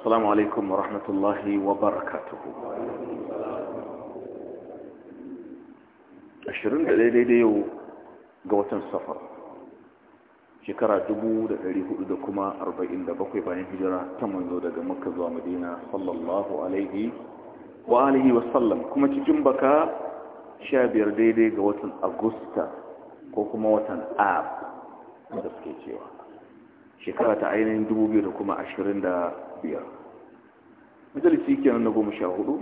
assalamu alaikum wa rahmatullahi wa barakatuhu 21 daidai yau ga watan safar shekara 1400 da kuma 47 bayan hijira ta manzo daga makka zuwa madina sallallahu alaihi wa alihi wa sallam kuma cikin baka 15 daidai ga watan agusta ko kuma watan ab da suke cewa shekara ta ainihin da kuma biyar majalisi kenan na goma sha hudu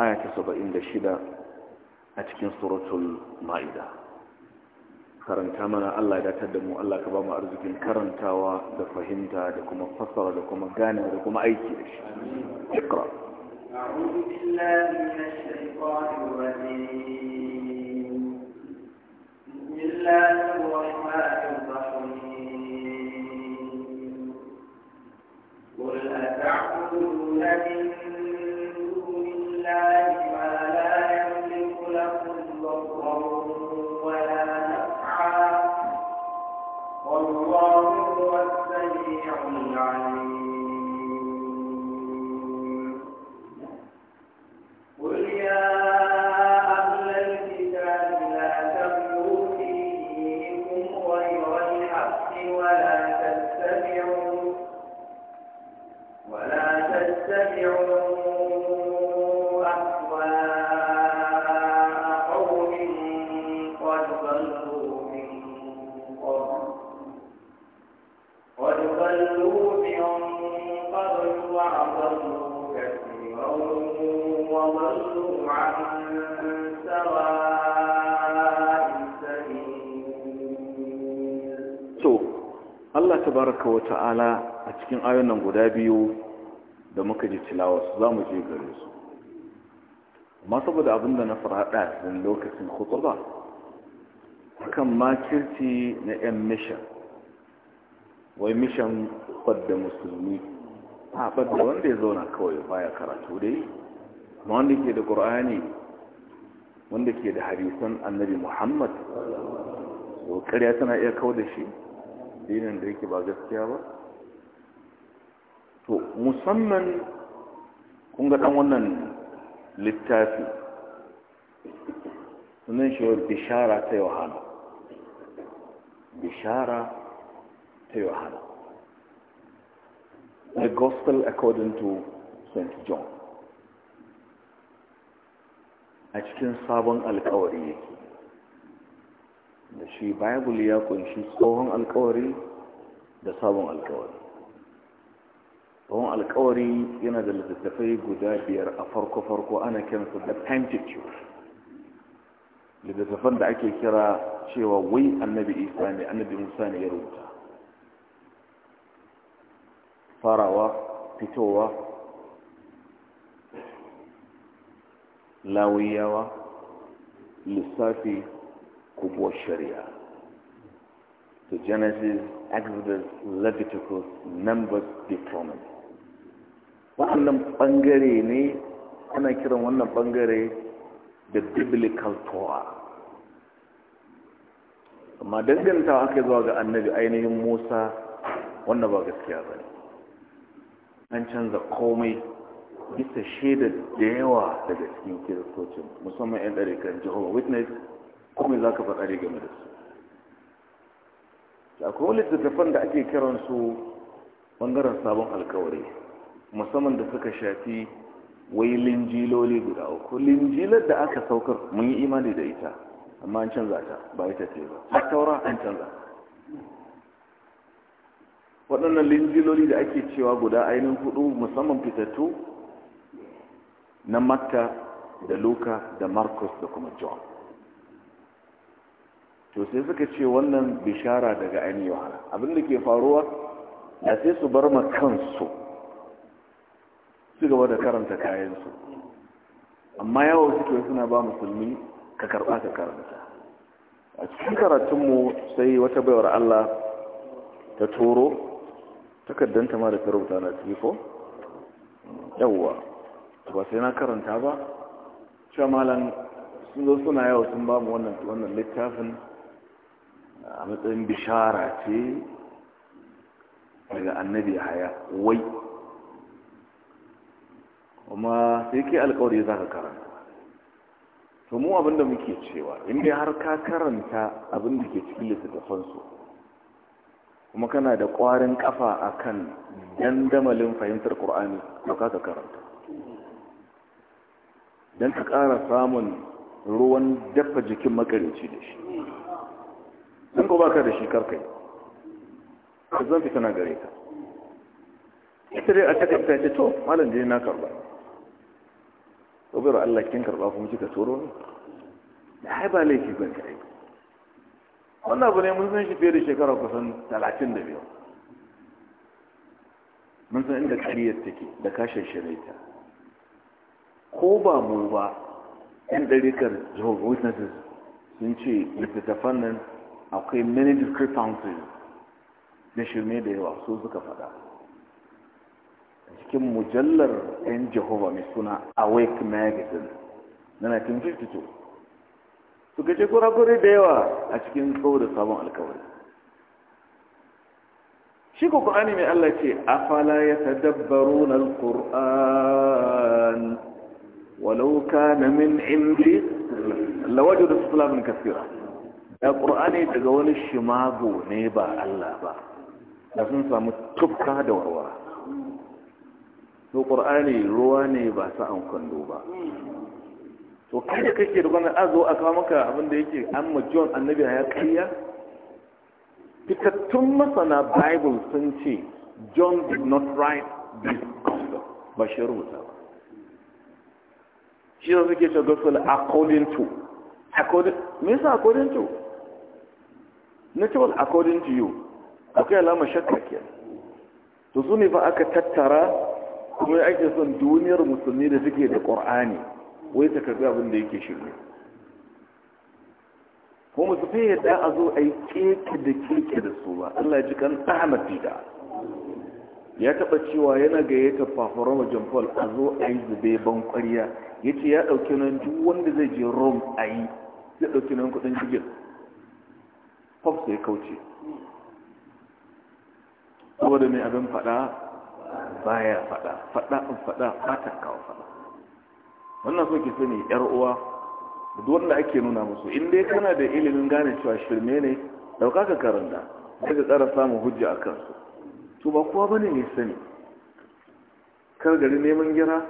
aya ta saba'in da shida a cikin suratul ma'ida karanta mana Allah ya datar da mu Allah ka ba mu arzikin karantawa da fahimta da kuma fassara da kuma gane da kuma aiki da shi ikra ضلوا من قبل وأضلوا كثيرا وضلوا Allah wa ta'ala a cikin ayonan guda biyu da muka ji tilawarsu za mu je gare su. Amma saboda abinda na farada don lokacin hutu ba, kan makirci na ‘yan mishan wai mishan da musulmi a da wanda ya zauna kawai baya karatu dai ma wanda ke da ƙur'ani wanda ke da hadisan annabi muhammad ƙarya tana iya kawo da shi dinin da yake ba gaskiya ba to musamman kun ga ɗan wannan littafi sunan shi bishara ta yohana bishara sai Yohana the gospel according to St John a cikin sabon alkawari yake da shi bible ya kunshi tsohon alkawari da sabon alkawari tsohon alkawari yana da littattafai guda biyar a farko-farko ana kiransu da pentateuch littattafan da ake kira cewa wai annabi isa ne annabi musa ne ya rubuta farawa fitowa lawiyawa lissafi kubuwar shari'a to genesis exodus leviticus numbers deuteronomy Wannan ɓangare ne ana kiran wannan bangare da biblical torah amma danganta aka zuwa ga annabi ainihin musa wannan ba gaskiya ba ne an canza komai bisa shaidar da yawa daga cikin kiristocin musamman 'yan kan jehovah witness kuma za ka faɗa game da su akwai littattafan da ake kiransu ɓangaren sabon alkawari musamman da suka shafi wai linjiloli guda uku linjilar da aka saukar mun yi imani da ita amma an canza ta ba ita ce ba a taura an canza ta waɗannan linjiloli da ake cewa guda ainihin hudu musamman fitattu na matta da luka da marcus da kuma john to sai suka ce wannan bishara daga ainihin yohana abinda ke faruwa da sai su bar makansu kansu su gaba da karanta kayansu amma yawo suke suna ba musulmi ka karɓa ka karanta a cikin karatunmu sai wata baiwar allah ta toro takaddanta ma da ta rubuta na ciki ko yawwa ba sai na karanta ba cewa malam sun zo suna yawa sun ba mu wannan wannan littafin a matsayin bishara ce daga annabi haya wai kuma sai ke alkawari za ka karanta to mu abinda muke cewa inda har ka karanta abinda ke cikin littattafansu kuma kana da ƙwarin ƙafa a kan damalin fahimtar ƙorani da ka karanta don ka ƙara samun ruwan dafa jikin makarici da shi don ko baka da shi karkai ka zafi tana gare ka ita dai a takaita ce to malam jini na karba ɗaubiyar allah kin karba kuma kika turo ne da haiba laifi ban ka aiki wannan abu ne mun san shi fiye da shekara kusan talatin da biyu. mun san inda kariyar take da kashin shiraita ko ba mu ba yan ɗarikar jehovah witnesses sun ce littattafan nan akwai many discrepancies da shirme da yawa so suka faɗa cikin mujallar yan jehovah mai suna awake magazine na 1952 suka ce kurakure da yawa a cikin saboda sabon alkawari shi ko ƙwa'ani mai Allah ce afala ya tadabbaru na alƙur'an walau na min indi lawaju da sulamin kasira da ƙur'ani daga wani shimago ne ba Allah ba da sun samu tufka da warwara to ƙur'ani ruwa ne ba sa'an kwando ba to kai da kake da a azo a kawo maka abin da yake an majiyon annabi ya kariya fitattun masana bible sun ce john did not write this gospel ba shi rubuta ba shi zai suke ce gospel according to me yasa according to na ce wasu according to you akwai alama shakka ke to su ne ba aka tattara kuma ake son duniyar musulmi da suke da ƙor'ani wai ta karbi abin da yake shirme ko musu fa yadda a zo a yi keke da keke da su ba Allah ji kan ahmad fida ya taba cewa yana ga ya tafafara wa john paul a zo a yi zube ban kwariya ya ce ya ɗauki nan duk wanda zai je rome a yi zai ɗauki nan kudin jigil pop sai kauce saboda mai abin faɗa baya faɗa faɗa in faɗa fata kawo faɗa wannan so ki sani yar uwa duk wanda ake nuna musu in dai kana da ilimin gane cewa shirme ne dauka ka karanta sai ka tsara samun hujja a kansu to ba kowa bane ne sani kar gari neman gira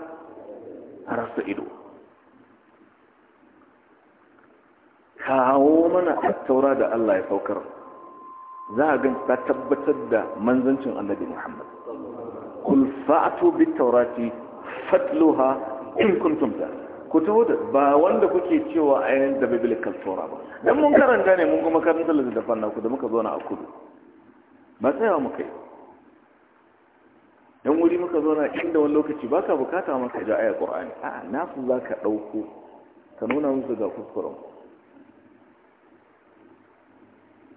a rasa ido kawo mana taura da Allah ya saukar za a gan ta tabbatar da manzancin annabi Muhammad kul fa'atu bit taurati fatluha in kuntum ta ku taho da ba wanda kuke cewa a ainihin da biblical torah ba don mun karanta ne mun kuma karanta littattafan naku da muka zauna a kudu ba tsayawa mu kai don wuri muka zauna inda wani lokaci baka bukata maka ji aya qur'ani a nasu zaka za ka nuna musu ga kuskuren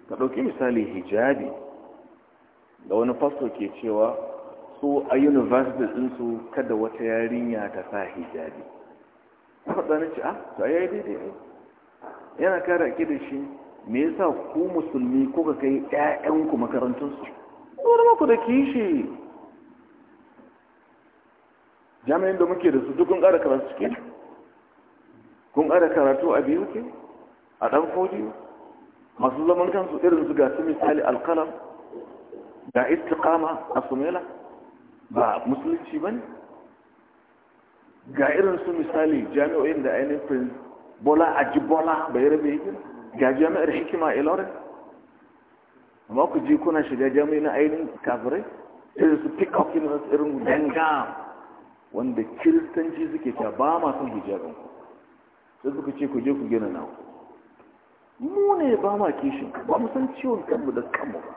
ka ɗauki misali hijabi da wani fasto ke cewa su a university su kada wata yarinya ta sa hijabi faɗa na ce ah to a dai daidai yana kare ke da shi me yasa ku musulmi ko ka kai ƴaƴanku makarantunsu wani maku da kishi jami'in da muke da su duk kun ƙara karatu ke kun ƙara karatu a biyu ke a ɗan fodi masu zaman kansu irin su ga su misali alkalam ga istiqama a sumela ba musulunci ba ne ga irin su misali jami'o'in da ainihin prince bola aji bola bai rabe yake ga jami'ar hikima ilorin amma ku ji kuna shiga jami'in na ainihin kafirai irin su pick up irin irin danga wanda kiristanci suke ta ba ma son hijabin ku sai suka ce ku je ku gina na mu ne ba ma kishin ba mu san ciwon kanmu da kanmu ba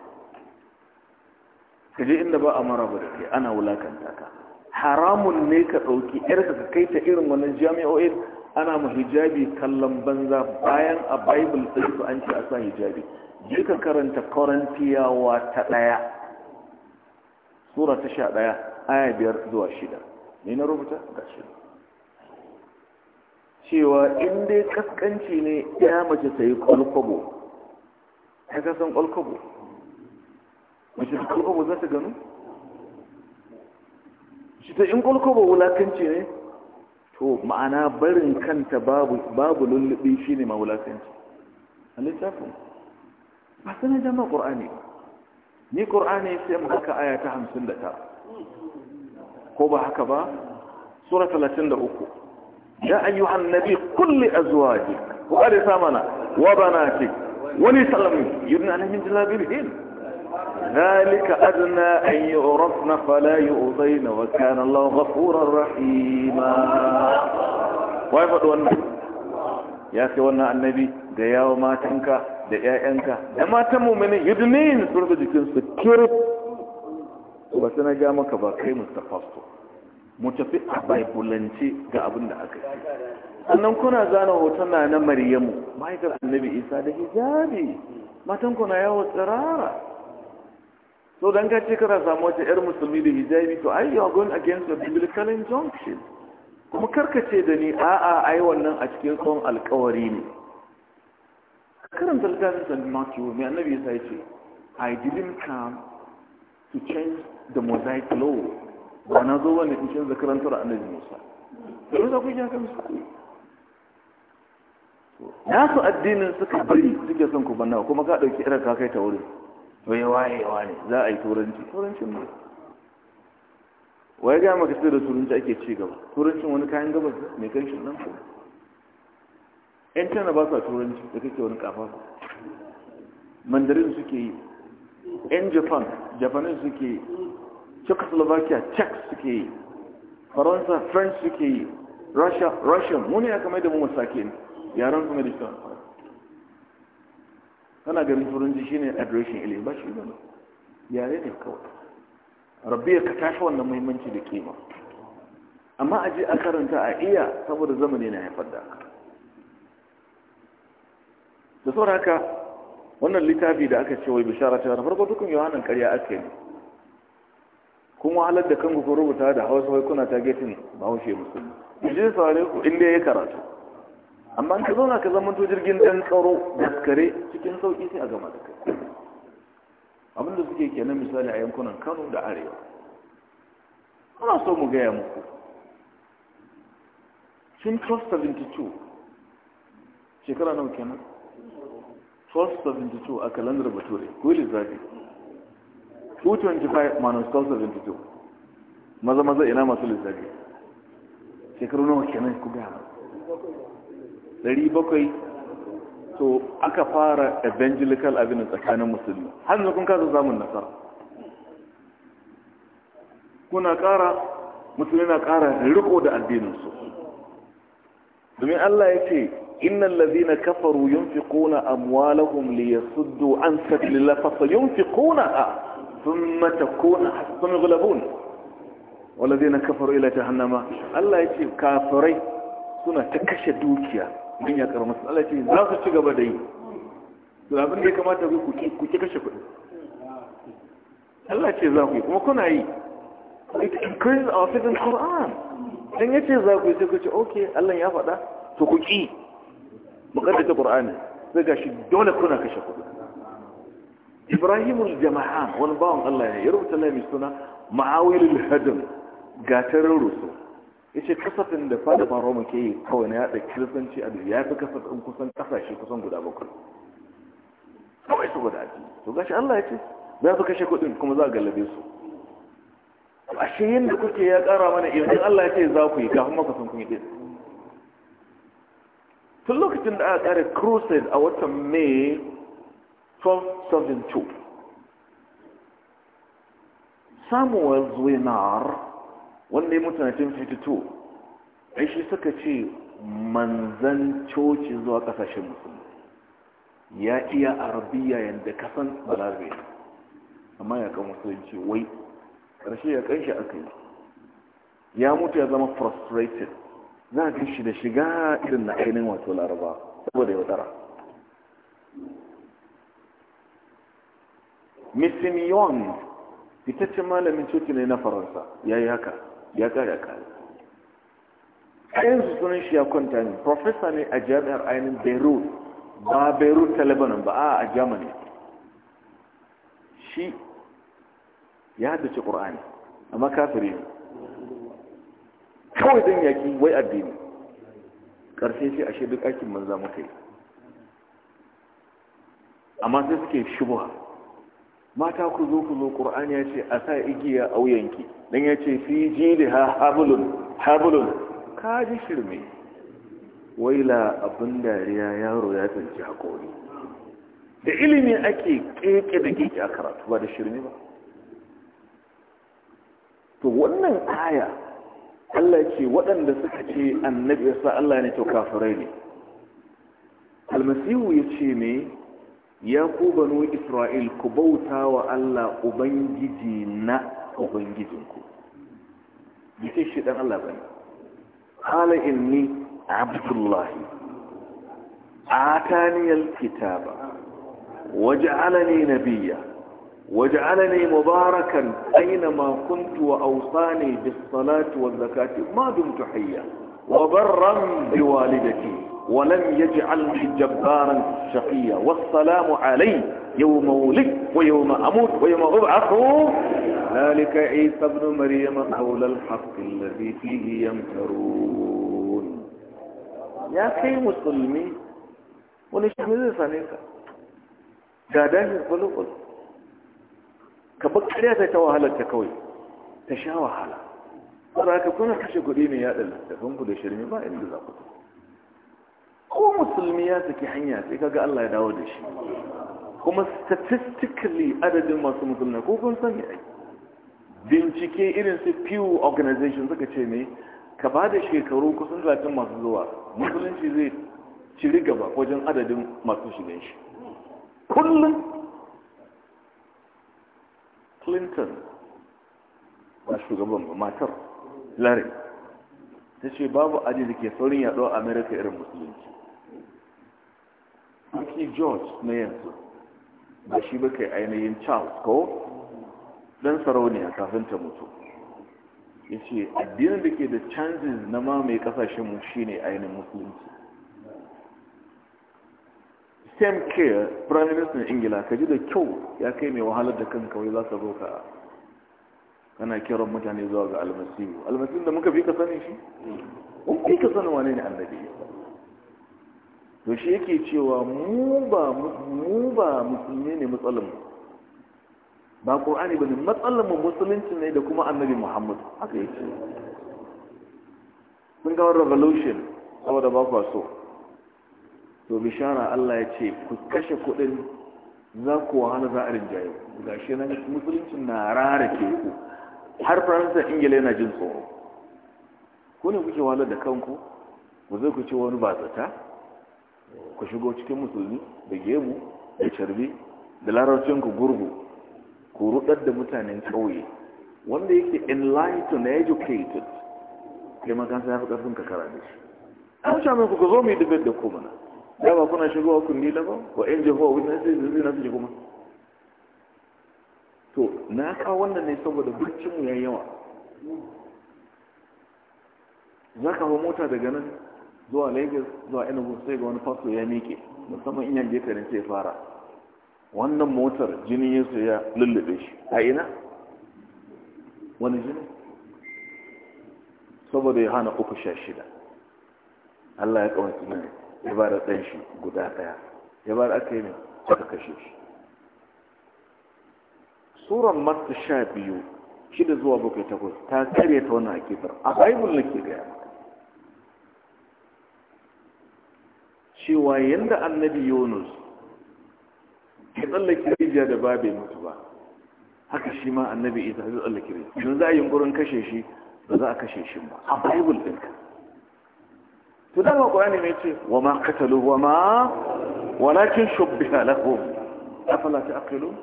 Kaje inda ba a maraba da kai ana wulakanta ka haramun ne ka ɗauki yarka ka kai ta irin wannan jami'o'in ana ma hijabi kallon banza bayan a bible ɗin su an ce a sa hijabi je ka karanta korantiyawa ta ɗaya sura ta sha ɗaya aya biyar zuwa shida ne na rubuta ga shi cewa in dai kaskanci ne ya mace ta yi kwalkwabo ta kasan mashirkan kobo za ta gano shi ta in ba wulakanci ne to ma'ana barin kanta babu lullubi shi ne ma wulakanci a littafin ba sana jama ƙor'ani ni ƙor'ani sai mu haka aya ta hamsin da ta ko ba haka ba sura talatin da uku ya ayyuhan annabi kulli azwaji ku ƙarisa mana wa banatik wani salamin yudin alamin jilabin hin ذلك أدنى أن يعرفن فلا يؤذين وكان الله غفورا رحيما ويفض وانا يا سي وانا النبي da yawo matanka da ƴaƴanka da matan mu'mini yudnin sun ga jikin su kirif ba sai na gama ka ba kai Mustafa Pastor. mu tafi a baibulance ga abin da aka ce sannan kuna zana hoton na Maryamu mahaifar Annabi Isa da hijabi matan ku na yawo tsirara so don ka ce kana samu wata 'yar musulmi da hijabi to ai you are going against the biblical injunction kuma karkace da ni a'a ai wannan a cikin son alkawari ne karanta littafin san matthew mai annabi ya ce i didn't come to change the mosaic law ba na zo wani in canza karantar annabi musa da musa ku ji haka musu nasu addinin suka bari suke son ku banna kuma ka ɗauki irin kakai ta wurin wai wayewa ne za a yi turanci turancin ne wai ga maka sai da turanci ake ci gaba turancin wani kayan gabas mai kanshin nan ko yan tana ba sa turanci da kake wani kafa mandarin suke yi yan japan japanin suke yi czechoslovakia czech suke yi faransa french suke yi russia russian mu ya aka da mu masake ne yaran kuma da shi kana ganin turanci shine adoration ilimi ba shi ba yare ne kawai rabbi ya tashi wannan muhimmanci da kima amma a je a karanta a iya saboda zamani na haifar da haka da saboda haka wannan littafi da aka ce wai bishara ta na farko dukkan yohanan karya ake yi kun wahalar da kan gufin rubuta da hausa wai kuna targetin bahaushe musulmi ku je saurare ku inda ya karatu amma ka na ka zama to jirgin dan tsaro daskare cikin sauki sai a gama da kai da suke kenan misali a yankunan kano da arewa kuna so mu gaya muku sun 1272 shekara nawa kenan 1272 a kalandar bature ko lissafi 225 minus 1272 maza maza ina masu lissafi shekaru nawa kenan ku gaya 700 to aka fara evangelical abin tsakanin musulmi har yanzu kun kasa samun nasara kuna ƙara musulmi na kara riko da addininsu domin Allah ya ce innal ladhina kafaru yunfiquna amwalahum liyasuddu an sabilillah fa sayunfiquna thumma takuna hasbun ghalabun walladhina kafaru ila jahannama Allah ya ce kafarai suna ta kashe dukiya min ya karama su Allah ce za su ci gaba da yi to abin da ya kamata ku ku ki kashe kuɗi Allah ce za ku yi kuma kuna yi it increases our faith in Quran dan yace za ku yi sai ku ce okay Allah ya faɗa to ku ki muqaddata Qur'ani sai ga shi dole kuna kashe kuɗi Ibrahim al-Jama'a wani bawan Allah ya rubuta lai suna Ma'awil al-Hadam gatarin rusu. ya kasafin da fada roma ke yi kawai na yada kiristanci a duniya ya fi kasafin kusan kasashe kusan guda bakwai kawai su guda ake to gashi allah ya ce za su kashe kudin kuma za a gallabe su ashe yin da kuke ya kara mana in allah ya ce za ku yi kafin maka sun kun yi ɗin tun lokacin da aka kare crusade a watan may 1272 samuel zuwinar wanda ya mutu 1952 ai shi suka ce manzan coci zuwa kasashen musulmi ya iya arabiya yadda kasan balarabe amma ya kan musulunci wai ƙarshe ya shi aka yi ya mutu ya zama frustrated za a shi da shiga irin na ainihin wato laraba saboda yaudara ita fitaccen malamin coci ne na faransa ya yi haka ya ƙara ƙara ɗayansu sunan shi ya kwanta ne profesa ne a jami'ar ainihin beirut ba beirut ta lebanon ba a a germany shi ya haddace ƙur'ani amma kafiri ne kawai don yaƙi wai addini ƙarshe shi ashe duk aikin manza muka yi amma sai suke shubuwa mata ku zo ku zo ƙur'ani ya ce a sa igiya a wuyanki Dan ya ce fi jili ha hablun ka ji shirme waila abin dariya yaro ya tsanci haƙori da ilimi ake ƙeƙe da ƙeƙe a karatu ba da shirme ba to wannan aya Allah ce waɗanda suka ce annabi ya sa Allah ne to kafirai ne almasihu ya ce ne ya ku banu isra'il ku bauta wa allah ubangiji na ubangijinku bisa shi dan allah bane qala inni abdullahi atani alkitaba waj'alani nabiyya waj'alani mubarakan aynama kuntu wa awsani bis salati waz zakati ma dumtu hayya wa barran biwalidati ولم يجعلني جبارا شقيا والسلام علي يوم ولد ويوم أموت ويوم أبعث ذلك عيسى ابن مريم قول الحق الذي فيه يمترون يا أخي مسلمي ونشمل ثانيك قادان يقولوا قل كبكريا تتوهلت كوي تشاوهلا وراك كنا كشكريني يا دلتكم كل شرمي ما إلا ذا ko musulmi ya saki hanya sai kaga Allah ya dawo da shi kuma statistically adadin masu musulmi ko kun sani ai bincike irin su Pew organization suka ce ne ka ba da shekaru kusan 30 masu zuwa musulunci zai ciri gaba wajen adadin masu shigan shi kullum clinton ba shugaban ba matar larry ta ce babu aji da ke saurin yaɗo a amerika irin musulunci baki george na yanzu da shi kai ainihin charles ko dan sarauniya kafin ta mutu ya ce addinin da ke da chances na mamaye kasashenmu shi ne ainihin musulunci sam care prime minister ingila ka ji da kyau ya kai mai wahalar da kan kawai za ka zo ka kana kiran mutane zuwa ga almasihu almasihu da muka fi ka sani shi? kun fi ka sani wane ne annabi to shi yake cewa mu ba mu ba musulmi ne ba ba qur'ani bane mu musulunci ne da kuma annabi muhammad haka yake mun ga revolution saboda ba ku so to bishara Allah ya ce ku kashe kuɗin za ku wahala za a rinjaye ga shi nan musulunci na rara ke ku har faransa ingila yana jin tsoro ko ne kuke wahala da kanku ku zai ku ce wani ba zata ku shigo cikin musulmi da gemu da carbi da larabcinku gurgu ku rudar da mutanen ƙauye wanda yake enlightened educated kai makansa ya fi ƙarfin ka kara da shi a wuce mai kuka zo mai dubar da kuma na Ya ba kuna shigo a kundi na ba ko yan jehovah witnesses zai na su ji kuma to na kawo wannan ne saboda bincin ya yawa za ka hau mota daga nan zuwa lagos zuwa enugu sai ga wani faso ya miƙe musamman in yanzu sai fara wannan motar jini yesu ya lullube shi a ina wani jini saboda ya hana uku sha shida allah ya kawai jini ya ba da ɗan shi guda ɗaya ya ba da aka yi ne aka kashe shi suran mata sha biyu shida zuwa bakwai takwas ta karyata wani hakikar a bible ke gaya cewa yanda annabi yunus ya tsallake rijiya da ba bai mutu ba haka shi ma annabi isa ya tsallake rijiya yanzu za a yi yunkurin kashe shi ba za a kashe shi ba a bible ɗinka to dama ƙwayani mai ce wa ma katalu wa ma walakin shubbiha lahum afala ta'qilun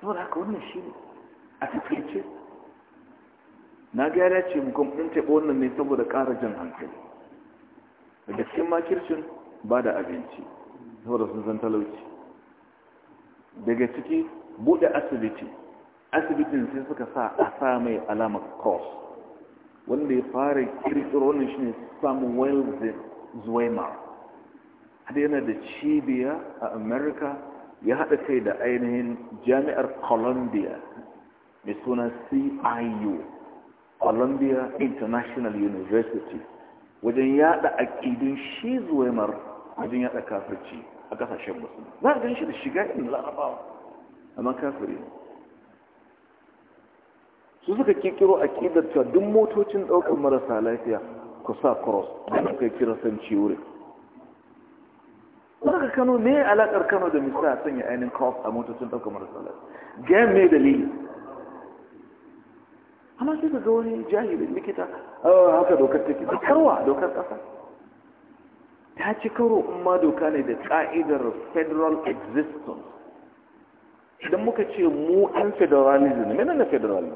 saboda haka wannan shi ne a takaice na ga ya ce mukan ɗin taɓa wannan ne saboda ƙara jan hankali daga cikin makircin ba da abinci saboda sun san talauci daga ciki buɗe asibiti asibitin sai suka sa a sa mai alama cross wanda ya fara kirkiro wannan shine samuel zuwaimar hada yana da cibiya a america ya haɗa kai da ainihin jami'ar columbia mai suna ciu columbia international university wajen yada aƙidin shi zuwaimar wajen yada kafirci a kasashen musulmi za a gani shi da shiga irin larabawa amma kafiri su suka kikiro a cewa duk motocin ɗaukar marasa lafiya ku sa cross da suka kira san ciwure ka kano ne alaƙar kano da misa sanya ainihin cross a motocin ɗaukar marasa lafiya gaya mai dalili amma sai ka ga wani jahilin likita ah, haka dokar take da karwa dokar kasa ta ci karo in ma doka ne da ƙa'idar federal existence idan muka ce mu ɗan federalism mena na federalism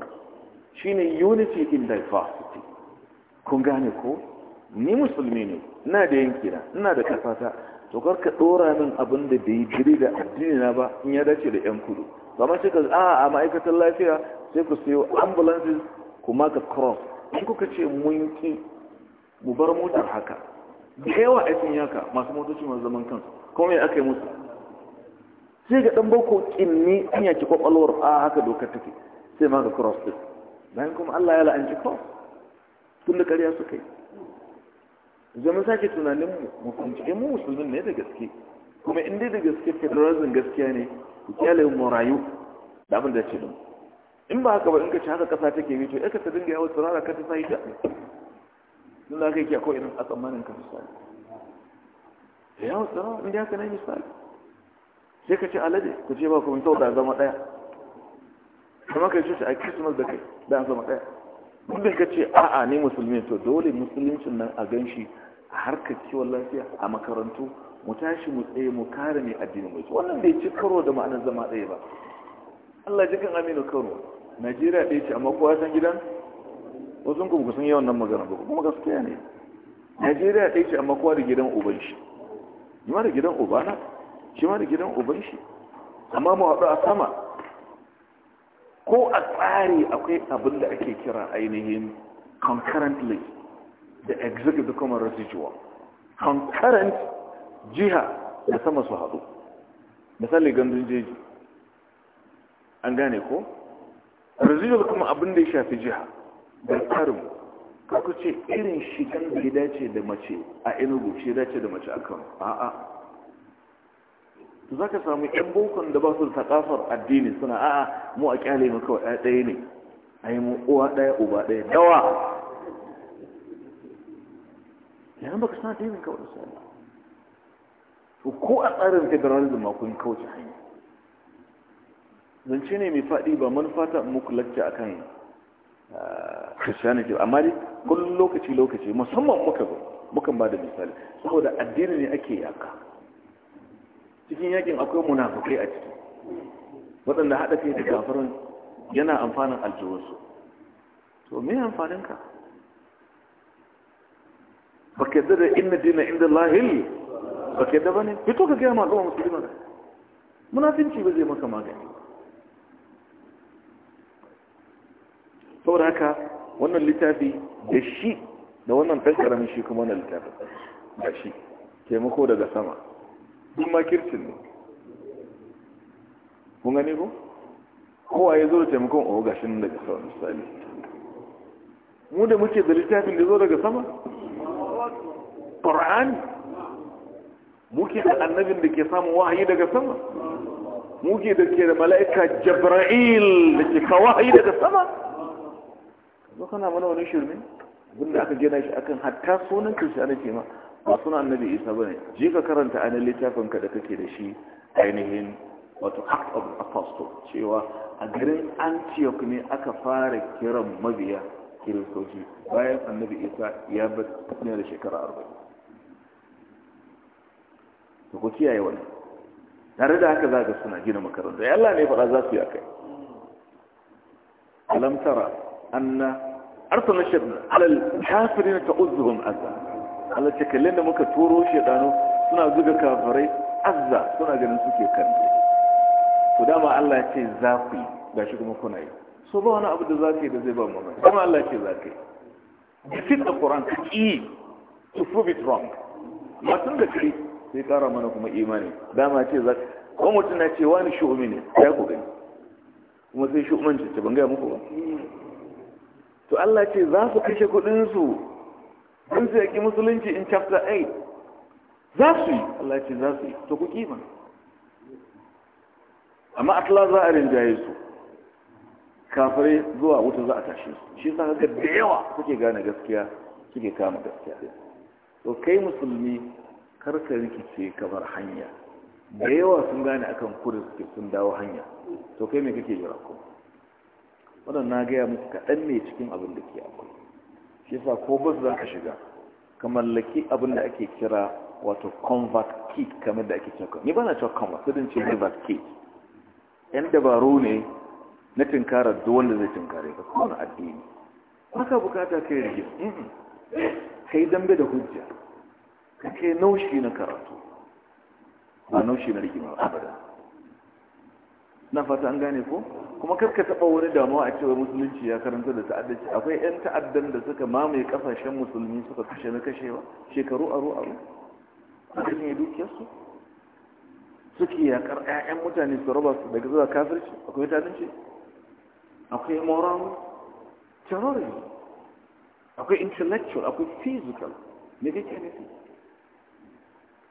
ne unity in diversity kun gane ko ni musulmi ne ina da yankina ina da kasata to kar ka dora min abin da bai jiri da addini na ba in ya dace da yan kudu ma shi ka a a ma'aikatar lafiya sai ku sayo ambulances kuma ka cross in kuka ce mun ki mu bar motar haka da yawa a cikin yaka masu motoci masu zaman kansu kuma me aka yi musu sai ga dan boko kinni ya ki kwakwalwar a haka dokar take sai ma ga cross din bayan kuma Allah ya la'anci cross tun da kariya suka yi Zama sake tunanin mu bincike eh, mu musulmin ne da gaske kuma in dai da gaske federalism gaskiya ne ku kyale mu rayu da abin da ce don in ba haka ba in ka ci haka kasa take yi to ya ka ta dinga yawo tsirara ka ta sa yi da nuna haka yake akwai irin a tsammanin ka sai ya yawo tsirara in dai haka na misali sai ka ci alade ku ce ba ku mun da zama ɗaya kuma kai ce cuci a christmas da kai da zama ɗaya duk da ce a'a ne musulmi to dole musuluncin nan a ganshi a harkar kiwon lafiya a makarantu mu tashi mu tsaye mu kare mai addinin mu wannan bai ci karo da ma'anar zama ɗaya ba Allah ji kan Aminu Kano Najeriya ɗaya ce amma kowa san gidan wasu kuma kusan yawan nan magana ba kuma gaskiya ne Najeriya ɗaya ce amma kowa da gidan uban shi ni ma da gidan ubana shi ma da gidan uban shi amma mu haɗu a sama ko a tsari akwai abin da ake kira ainihin concurrently da executive common residual concurrent jiha da sama su haɗu misali gandun jeji an gane ko residual kuma abin da ya shafi jiha da tsarin kaku irin shigan da ya dace da mace a enugu shi dace da mace a kan a'a za ka samu yan bukon da ba su da takafar addini suna a'a mu a kyale mu kawai ɗaya ɗaya ne a yi mu uwa ɗaya uba ɗaya dawa Ya ba ka san addinin kawai da sallah to ko a tsarin federalism ma kun kauce hanyar zance ne mai faɗi ba manufa ta muku a kan ah, christianity amma dai kullum lokaci lokaci musamman muka ba da misali saboda addini ne ake yaka cikin yakin akwai munafukai a ciki waɗanda haɗa kai da kafirin yana amfanin aljiwarsu to me amfanin ka ba ka yadda da inna dina inda lahil ba ka yadda ba ne fito ka gaya masu musulman munafinci ba zai maka magani saboda haka wannan littafi da shi da wannan ɗan ƙaramin shi kuma wannan littafi ba shi taimako daga sama duk makircin ne kun gani ko kowa ya zo da taimakon a oh, gashin daga sama misali mu da muke da littafin da zo daga sama Mu muke da annabin da ke samun wahayi daga sama muke da ke da mala'ika jabra'il da ke ka wahayi daga sama zo kana mana wani shirme abinda aka gina shi akan hatta sunan kirshi ana ce ma ba suna annabi isa ba ne je ka karanta ainihin littafin ka da kake da shi ainihin wato act of apostle cewa a garin antioch ne aka fara kiran mabiya kiristoci bayan annabi isa ya bar da shekara arba'in da ku kiyaye wani tare da haka za ka suna gina makaranta ya Allah ne faɗa za su yi a kai tara anna arsalna shirna alal kafirin ta'uzuhum azza Allah ce kallon da muka turo shaidanu suna zuga kafarai. azza suna ganin suke kan to dama Allah ce za ku yi gashi kuma kuna yi so ba wani abu da za ka yi da zai ba mu mamaki kuma Allah ce za ka yi defeat the Quran to e to prove it wrong matun da kai sai kara mana kuma imani dama ce za ko mutum na ce wani shu'umi ne ya ku gani kuma sai shu'umanci ce ban gaya muku ba to Allah ce za su kashe kuɗinsu in su yaƙi musulunci in chapter 8 za su yi Allah ce za su yi to ku kima amma atla za a rinjaye su kafare zuwa wuta za a tashe su shi sa ga da yawa suke gane gaskiya suke kama gaskiya to kai musulmi kar ka rikice kamar hanya da yawa sun gane akan kudu suke sun dawo hanya to kai me kake jira ko wannan na gaya muku kaɗan ne cikin abin da ke akwai shi ko bus za ka shiga ka mallaki abin da ake kira wato convert kit kamar da ake cewa ni ba na cewa convert sai ce convert kit yan dabaru ne na tinkara duk wanda zai tinkare ka kuma addini ba ka bukata kai rigi kai dambe da hujja ka kai naushi na karatu ba naushi na rigima abada na fata an gane ko kuma karka taɓa wani damuwa a cewa musulunci ya karanta da ta'addaci akwai 'yan ta'addan da suka mamaye kasashen musulmi suka kashe na kashewa shekaru aro aro a cikin dukiyarsu suke yakar ƴaƴan mutane su raba su daga zuwa kafirci akwai ta'addanci akwai moral terrorism akwai intellectual akwai physical ne kake nufi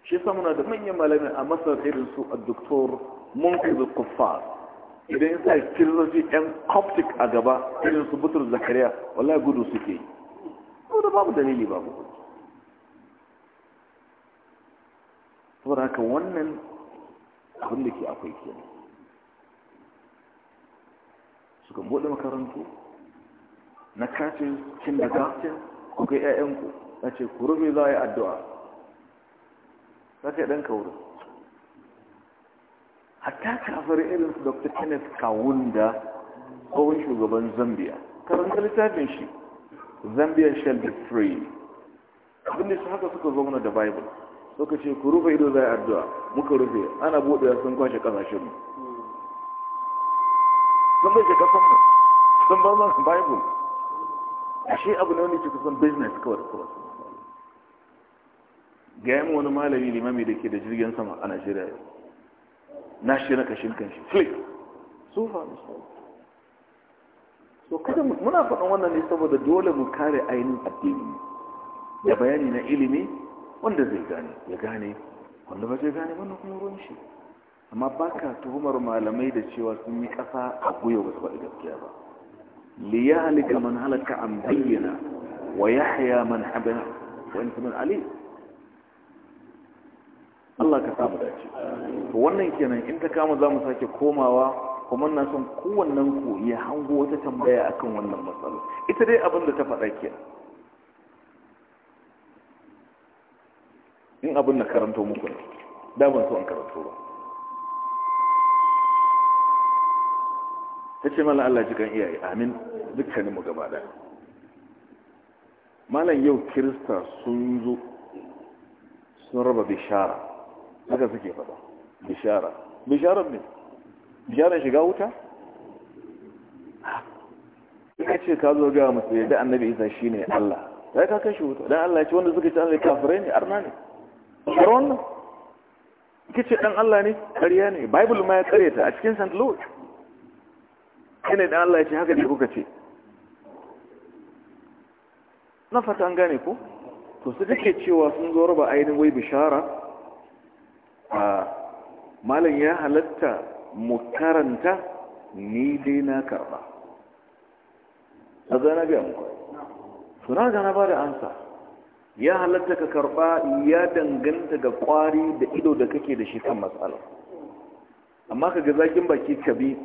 shi yasa muna da manyan malamai a masar irin su a doktor da kuffar idan ya sa kiristoci yan coptic a gaba irin su butur zakariya wallahi gudu suke yi ko da babu dalili babu saboda haka wannan abin da ke akwai kenan suka buɗe makarantu na kacin cin da kacin kuka yi 'ya'yanku na ce ku rufe za a yi addu'a za ka yi ɗan kawurin hatta kafar irin su dr kenneth kawunda tsohon shugaban zambia karanta littafin shi zambia shall be free abinda su haka suka zo mana da bible suka ce ku rufe ido zai addu'a muka rufe ana buɗewa sun kwashe ƙasashen mu sun bai ƙasan mu sun ba mana bible ashe abu ne wani cikin business kawai kawai ga yi wani malami limami da ke da jirgin sama a najeriya na shi na kashin kanshi flip sufa so kada muna faɗin wannan ne saboda dole mu kare ainihin addini da bayani na ilimi wanda zai gane ya gane wanda ba zai gane wannan kuma ruwan shi amma ba ka tuhumar malamai da cewa sun yi ƙasa a guya su faɗi gaskiya ba liya halika man halaka an bayyana wa yahya man habana wa inta Ali? Allah ka samu dace wannan kenan in ta kama za mu sake komawa kuma na son kowannen ku ya hango wata tambaya akan wannan matsalar. ita dai abin da ta faɗa ke. in abin na karanto muku ne da ban so an karanto ba ta ce mala Allah kan iyaye amin dukkanin mu gaba da malam yau kirista sun zo sun raba bishara haka suke faɗa bishara bisharar ne bisharar shiga wuta suka ce ka zo ga musu yadda annabi isa shi ne allah ya ka kashe wuta don allah ce wanda suka ce allah kafirai ne arna ne har wannan dan allah ne ƙarya ne bible ma ya ƙare ta a cikin st louis shine dan allah ya ce haka ne kuka ce na fata an gane ko to su take cewa sun zo raba ainihin wai bishara a malam ya halatta mu karanta ni dai na karba a zana biya muku suna gana ba da ansa ya halatta ka karba ya danganta ga kwari da ido da kake da shi kan matsala amma ka ga zakin baki kabi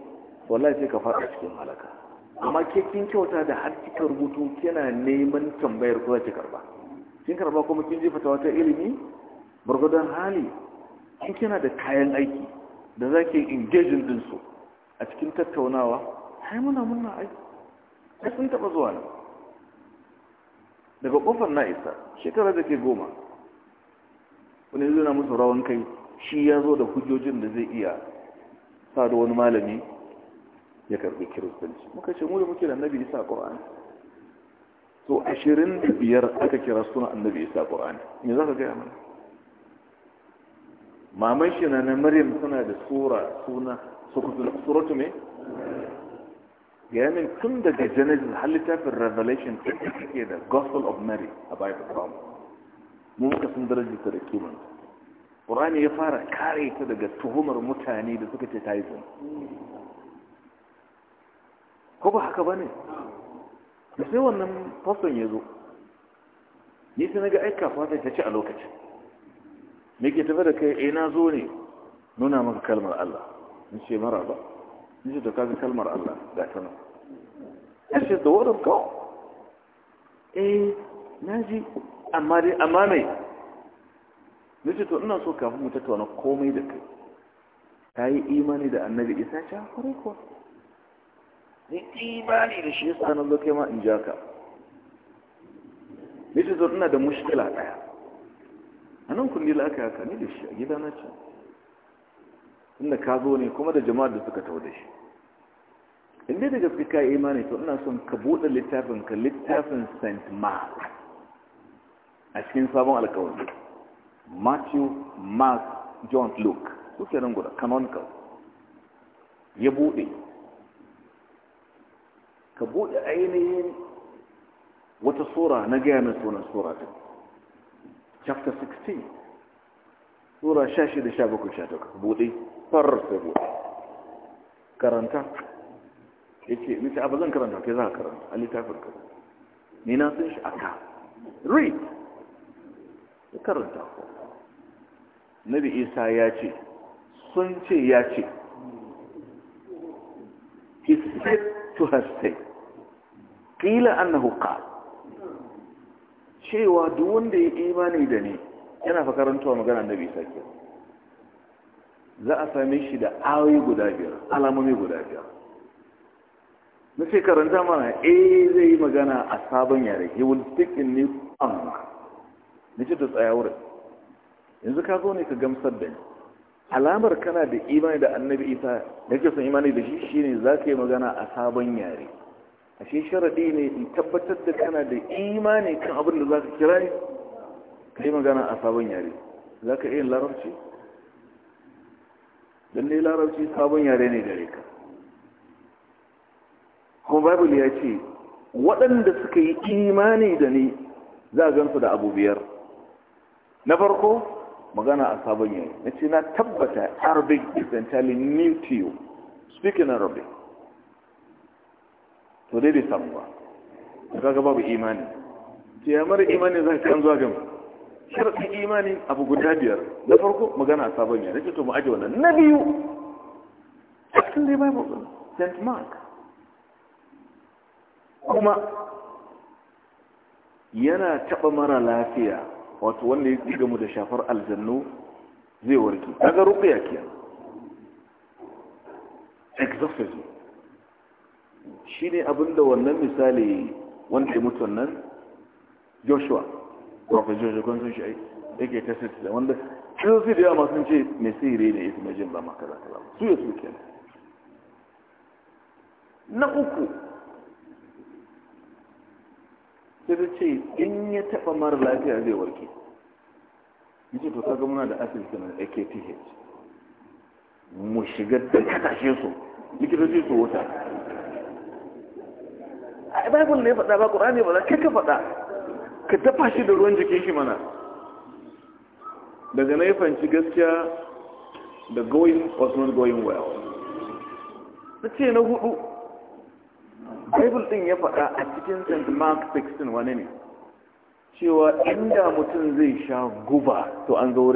wallahi sai ka faɗa cikin halaka amma ke kin kyauta da har kika rubutu kina neman tambayar ko ta karba kin karba kuma kin jefa ta wata ilimi burgudan hali in kina da kayan aiki da za ke ingejin ɗinsu a cikin tattaunawa hai muna muna aiki ya sun taɓa zuwa ne daga ƙofar na isa shekarar da ke goma wani zai na musu rawan kai shi ya zo da hujjojin da zai iya sa da wani malami ya karɓi kiristanci muka ce mu da muke da annabi isa ƙoran so ashirin da biyar aka kira suna annabi isa ƙoran me za ka gaya mana maman shi na na maryam suna da sura suna suratu me ya min tun daga genesis har littafin revelation ta take da gospel of mary a bible from mu muka sun daraji ta da kiman qur'ani ya fara kare ta daga tuhumar mutane da suka ce ta yi ko ba haka ba ne? da sai wannan fasson ya zo ni sai na ga aika fata ta ci a lokacin me ke tafi da kai ina eh, zo ne nuna maka kalmar Allah in ce mara ba in ce to kaji kalmar Allah ga ta nan ya ce da word kawo God eh, na ji amma dai amma mai ce to ina so kafin mu tattauna komai da kai ta yi imani da annabi isa ta ah, kwarai kuwa ni imani da shi ya nan zo kai ma in ja ka ce to ina da mushkila ɗaya. a nan kundi la aka haka ni da shi a gida na ce inda ka zo ne kuma da jama'ar da suka tau da shi inda da gaske ka yi imani to ina son ka buɗe littafin ka littafin st mark a cikin sabon alkawari matthew mark john luke su ke nan guda canonical ya buɗe ka buɗe ainihin wata sura na gaya min sunan sura ta chapter 16 sura 16 17 bude buɗe sai bude karanta yace nace abu zan karanta kai za a karanta a littafin ka ni na san shi aka read ya karanta ko nabi isa ya ce sun ce ya ce he said to her say qila annahu qala cewa duk wanda ya imani da ni yana fa karantawa magana annabi isa ke za a same shi da ayoyi guda biyar alamomi guda biyar na ce karanta mana eh zai yi magana a sabon yare he will speak in new tongue na ce ta tsaya wurin yanzu ka zo ne ka gamsar da ni alamar kana da imani da annabi isa da ke son imani da shi shine za ka yi magana a sabon yare ashe sharadi ne in tabbatar da kana da imani kan abin da za ka kira ne ka yi magana a sabon yare za ka iya larabci don dai larabci sabon yare ne gare ka kuma bible ya ce waɗanda suka yi imani da ni za a gansu da abu biyar na farko magana a sabon yare na ce na tabbata arabic is entirely new to you speaking arabic to dai bai samu ba kaga babu imani to ya mara imani zan kan zuwa gama sharɗin imani abu guda biyar na farko magana sabon ya rike to mu aje wannan na biyu cikin dai bible babu st mark kuma yana taɓa mara lafiya wato wanda ya tsiga mu da shafar aljannu zai warke kaga ruqiya kiya exorcism shi ne abinda wannan misali wanda ya mutu nan joshua prophet joshua kun sun shi ai yake ta sisi wanda kirsi da yawa sun ce mai sihiri ne ya fi majin ba maka za ta su ya suke na uku sai ta ce in ya taɓa mara lafiya zai warke ce to ta ga muna da asibiti na AKTH mu shiga da kasashe su likitoci su wuta a bible ne faɗa ba ne ba za ka ka faɗa ka tafa shi da ruwan jikin shi mana daga na ya fanci gaskiya da going was not going well na ce na hudu bible din ya faɗa a cikin st mark 16 wani ne cewa inda mutum zai sha guba to an zo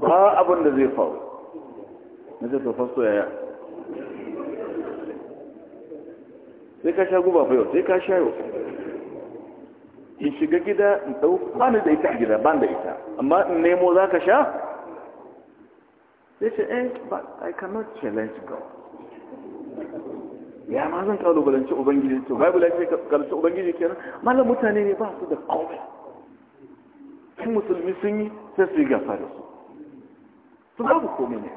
ba abin da zai faru na ce to fasto yaya sai ka sha guba fayo sai ka sha yau in shiga gida in ɗau bani da ita a gida ban da ita amma in nemo za ka sha sai ce eh but i cannot challenge god ya ma zan kalubalanci ubangiji to bible ya ce kalubalanci ubangiji kenan malam mutane ne ba su da komai sun musulmi sun yi sai su yi gafa da su su babu komai ne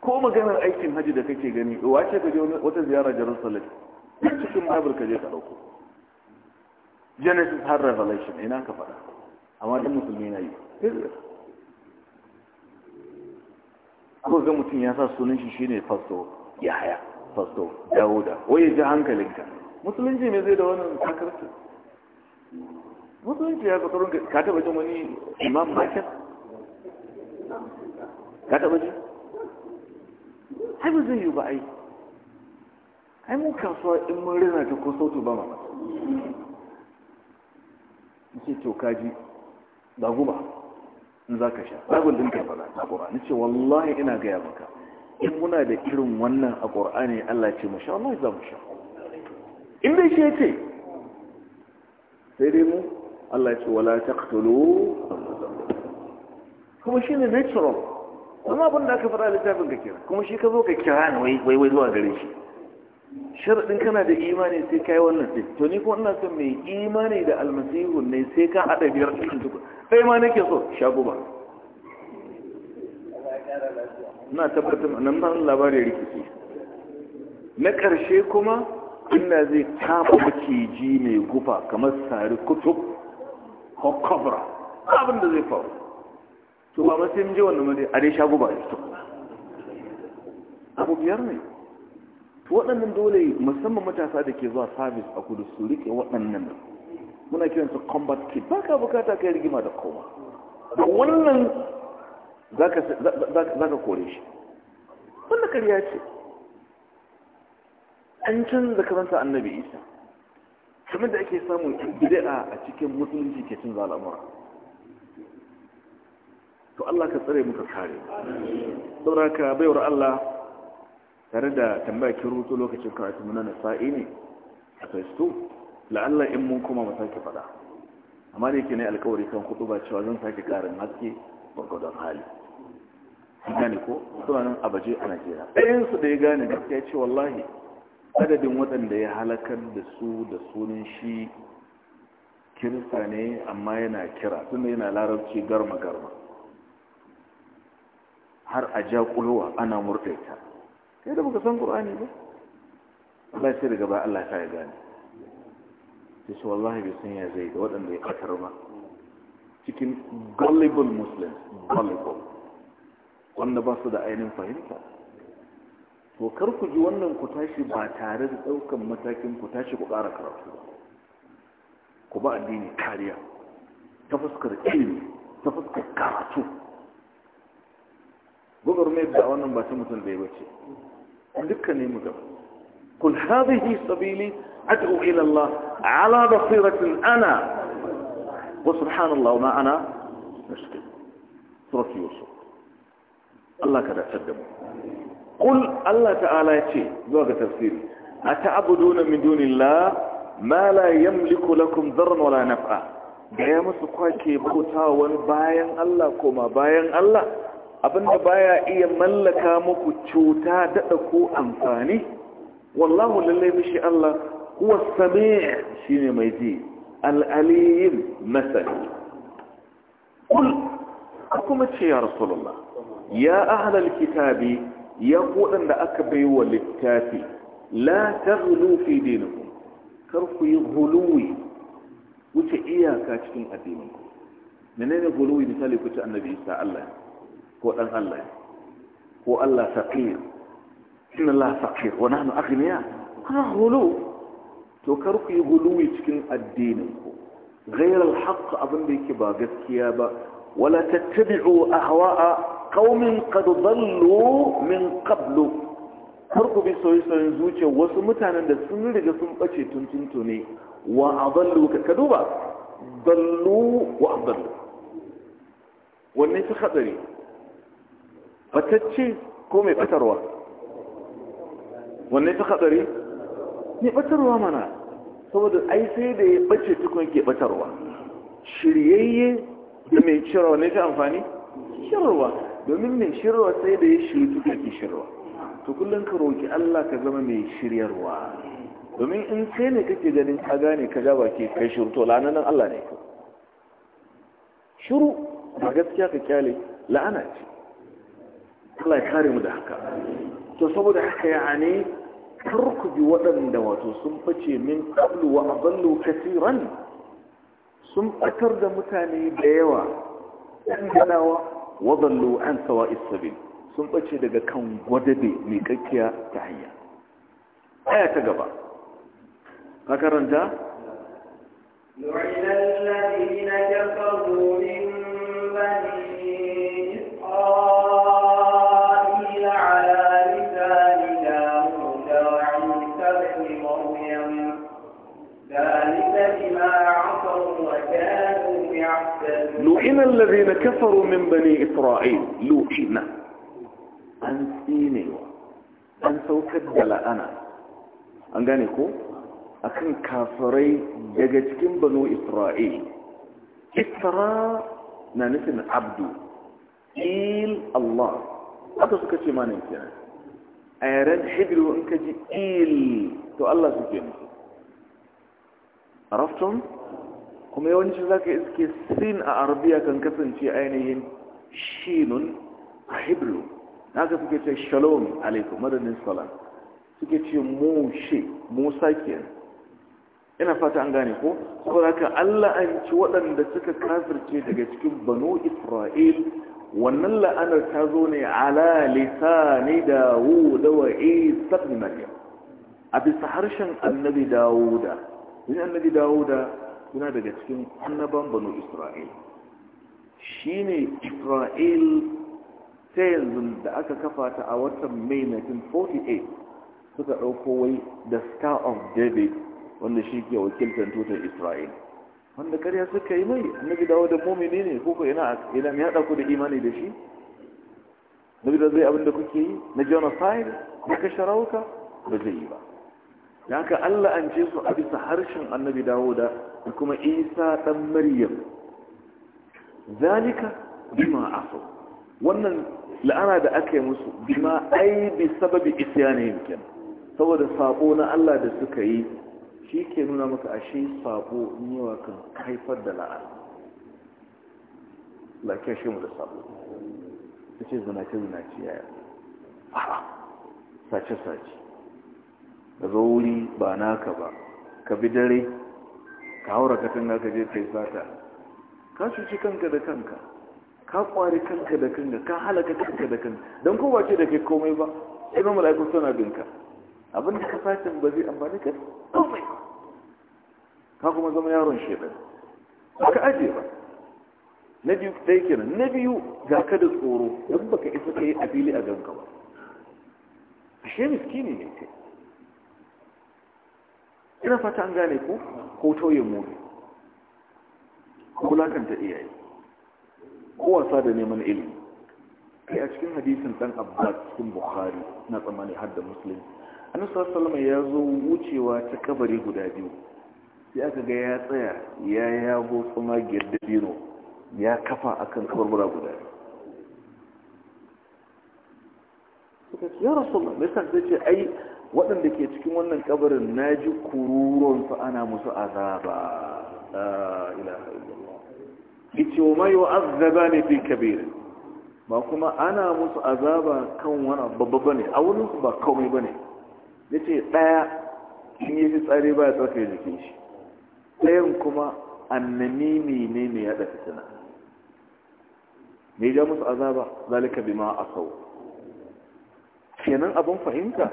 ko maganar aikin haji da kake gani wace ka je wata ziyara jerusalem duk cikin bible ka je ka dauko genesis har revelation ina ka faɗa amma duk musulmi na yi ko ga mutum ya sa sunan shi shine fasto ya haya fasto dawuda waye ji hankalinka musulunci ne zai da wannan sakarci musulunci ya zakarun ka taba jin wani imam makin ka taba jin ai ba zai yi ba ai ai mun kasuwa in mun rina ta ko sautu ba ma ce to kaji ba guba in za ka sha babu ɗin ka faɗa a Ni ce wallahi ina gaya maka in muna da irin wannan a ƙorani Allah ce mu sha Allah za mu sha in dai shi ce sai dai mu Allah ce wala taqtulu kuma shi ne natural amma abin da aka fara littafin ka kira kuma shi ka zo ka kira ni wai wai zuwa gare shi sharaɗin kana da imani sai ka yi wannan sai to ni kuma ina son mai imani da almasihu ne sai ka haɗa biyar cikin duk sai ma nake so shago ba na tabbatar nan ban labarin rikici na ƙarshe kuma inda zai tafa maciji mai gufa kamar sari kutub ko kobra abin da zai faru to ba sai mun je wannan mali a dai shago ba a to abu biyar ne to waɗannan dole musamman matasa da ke zuwa sabis a kudu su riƙe waɗannan muna su combat kit ba ka bukata kai rigima da kowa da wannan za ka kore shi wannan karya ce an canza karanta annabi isa kamar da ake samun bid'a a cikin musulunci ke canza al'amura to Allah ka tsare muka kare saboda ka baiwar Allah tare da tambaya kin rutu lokacin karatu mun na sa'i ne a la Allah in mun koma mu sake fada amma ne ke ne alkawari kan kudu ba cewa zan sake karin haske gwargwadon hali gane ko suna nan abaje a najeriya ɗayansu da ya gane gaskiya ce wallahi adadin waɗanda ya halakar da su da sunan shi kirista ne amma yana kira tunda yana larabci garma garma har a ja kulowa ana murtaita kai da baka san qur'ani ba Allah sai daga ba Allah ta ya gane sai shi wallahi bai san ya zai ga waɗanda ya ƙasar ba cikin gullible muslims gullible wanda ba su da ainihin fahimta to kar ku ji wannan ku tashi ba tare da ɗaukan matakin ku tashi ku ƙara karatu ba ku ba addini kariya ta fuskar ilimi ta fuskar karatu gwagwarmai ga wannan ba ta mutum da ya wace dukkan ne mutum kun haɗe sabili a ta ƙoƙe lalla da firatin ana wa subhanallah na ana na suke turki wasu Allah ka da mu kun Allah ta'ala ya ce zuwa ga tafsiri a ta abu duna min dunin la ma la nafa ga ya musu kwake bauta wani bayan Allah koma bayan Allah abinda baya iya mallaka muku cuta daɗa ko amfani wallahu lallai mishi Allah huwa sami' shine mai ji al'alim masani kul kuma ce ya rasulullah ya ahlal kitabi ya kodan da aka baiwa littafi la ta fi dinuku, kar ku yi huluwi wuce iyaka cikin addininku menene huluwi misali kuce annabi isa Allah ko ɗan Allah ko Allah saqir inna Allah saqir wa nahnu aghniya ana hulu to kar ku yi huluwi cikin addinin ku ghayr haqq abin da yake ba gaskiya ba wala tattabi'u ahwa'a qaumin qad dallu min qablu Kar ku bi soyayya soyayyen zuciya wasu mutanen da sun riga sun bace tun tuntune wa adallu ka ka duba dallu wa adallu wanne su hadari fatacce ko mai fatarwa wannan ta hatsari mai fatarwa mana saboda ai sai da ya bace tukun ke batarwa shiryayye da mai shirwa ne ta amfani shirwa domin mai shirwa sai da ya shiru tukun ke shirwa to kullum ka roƙi Allah ka zama mai shiryarwa domin in sai ne kake ganin ka gane ka gaba baki kai shiru to la'anan Allah ne shiru ba gaskiya ka kyale la'ana ce Allah ya kare mu da haka to saboda haka ya'ani karku bi waɗanda wato sun fice min qablu wa adallu kaseeran sun fitar da mutane da yawa dan ganawa wa dallu an sawa'is sabil sun bace daga kan gwadabe mai kakkiya ta hanya aya ta gaba ka karanta لعن الذين كفروا الذين كفروا من بني إسرائيل لوحينا أنسيني أن كدل أنا أنقانيكو أكن كافري يجتكم بنو إسرائيل إسراء نانسن عبدو إيل الله هذا سكتش ما نمتنا أيران حبلو أنك جي إيل تو الله سكتش عرفتم؟ kuma yawanci za ka iske sin a arabiya kan kasance ainihin shinun a hebrew na ka suke ce shalom alaikum madadin salam suke ce moshe musa kenan ina fata an gane ko saboda ka allah an ci waɗanda suka kafirce daga cikin banu isra'il wannan la'anar ta zo ne ala lisani dawuda wa isa maryam a bisa harshen annabi dawuda yin annabi dawuda suna daga cikin annaban banu isra'il shi ne isra'il ta yanzu da aka kafa ta a watan mai 1948 suka ɗauko wai the star of david wanda shi ke wakiltar tutar isra'il wanda karya suka yi mai annabi dawo da momini ne ko ko ina ina mai haɗa ku da imani da shi bi da zai abin da kuke yi na genocide na kashe sharauka, ba zai yi ba da haka Allah an ce su a bisa harshen annabi Dawuda da kuma Isa ɗan Maryam zalika bima afu wannan la'ana da aka yi musu bima ai bi sababi isyanihim kan saboda sabo na Allah da suka yi shi ke nuna maka ashe sabo niwa kan haifar da la'ana lakin shi mu da sabo. ta ce zanace zanace yaya a'a sace sace da zo wuri ba naka ba ka bi dare ka haura katanga ka je kai sata ka cuci kanka da kanka ka kwari kanka da kanka ka halaka kanka da kanka don kowa ce da ke komai ba ina mala'iku suna binka abin da ka sacin ba zai amfani ka komai ka kuma zama yaron shedar ba ka aje ba na biyu ɗaya kenan na biyu ga ka da tsoro don baka isa ka yi a fili a ganka ba ashe miskini ne kai ina fata an gane ku ko tauye muni kanta iyaye ko wasa da neman ilimi kai a cikin hadisin dan abbas cikin bukhari na tsammani har da muslim annabi sallallahu ya zo wucewa ta kabari guda biyu sai aka ga ya tsaya ya yago kuma biro ya kafa akan kabarbura guda biyu ya rasulullah me sai ce ai waɗanda ke cikin wannan kabarin na ji kururonsu ana musu azaba la ilaha illallah ice wa mayo azaba ne fi Kabiru. ba kuma ana musu azaba kan wani babba ba ne a su ba kawai ba ne ya ce ɗaya in yi fitsari ba ya tsarkar jikin shi ɗayan kuma annani ne ne ya ɗafi tana ne ja musu azaba zalika bi ma a sau kenan abin fahimta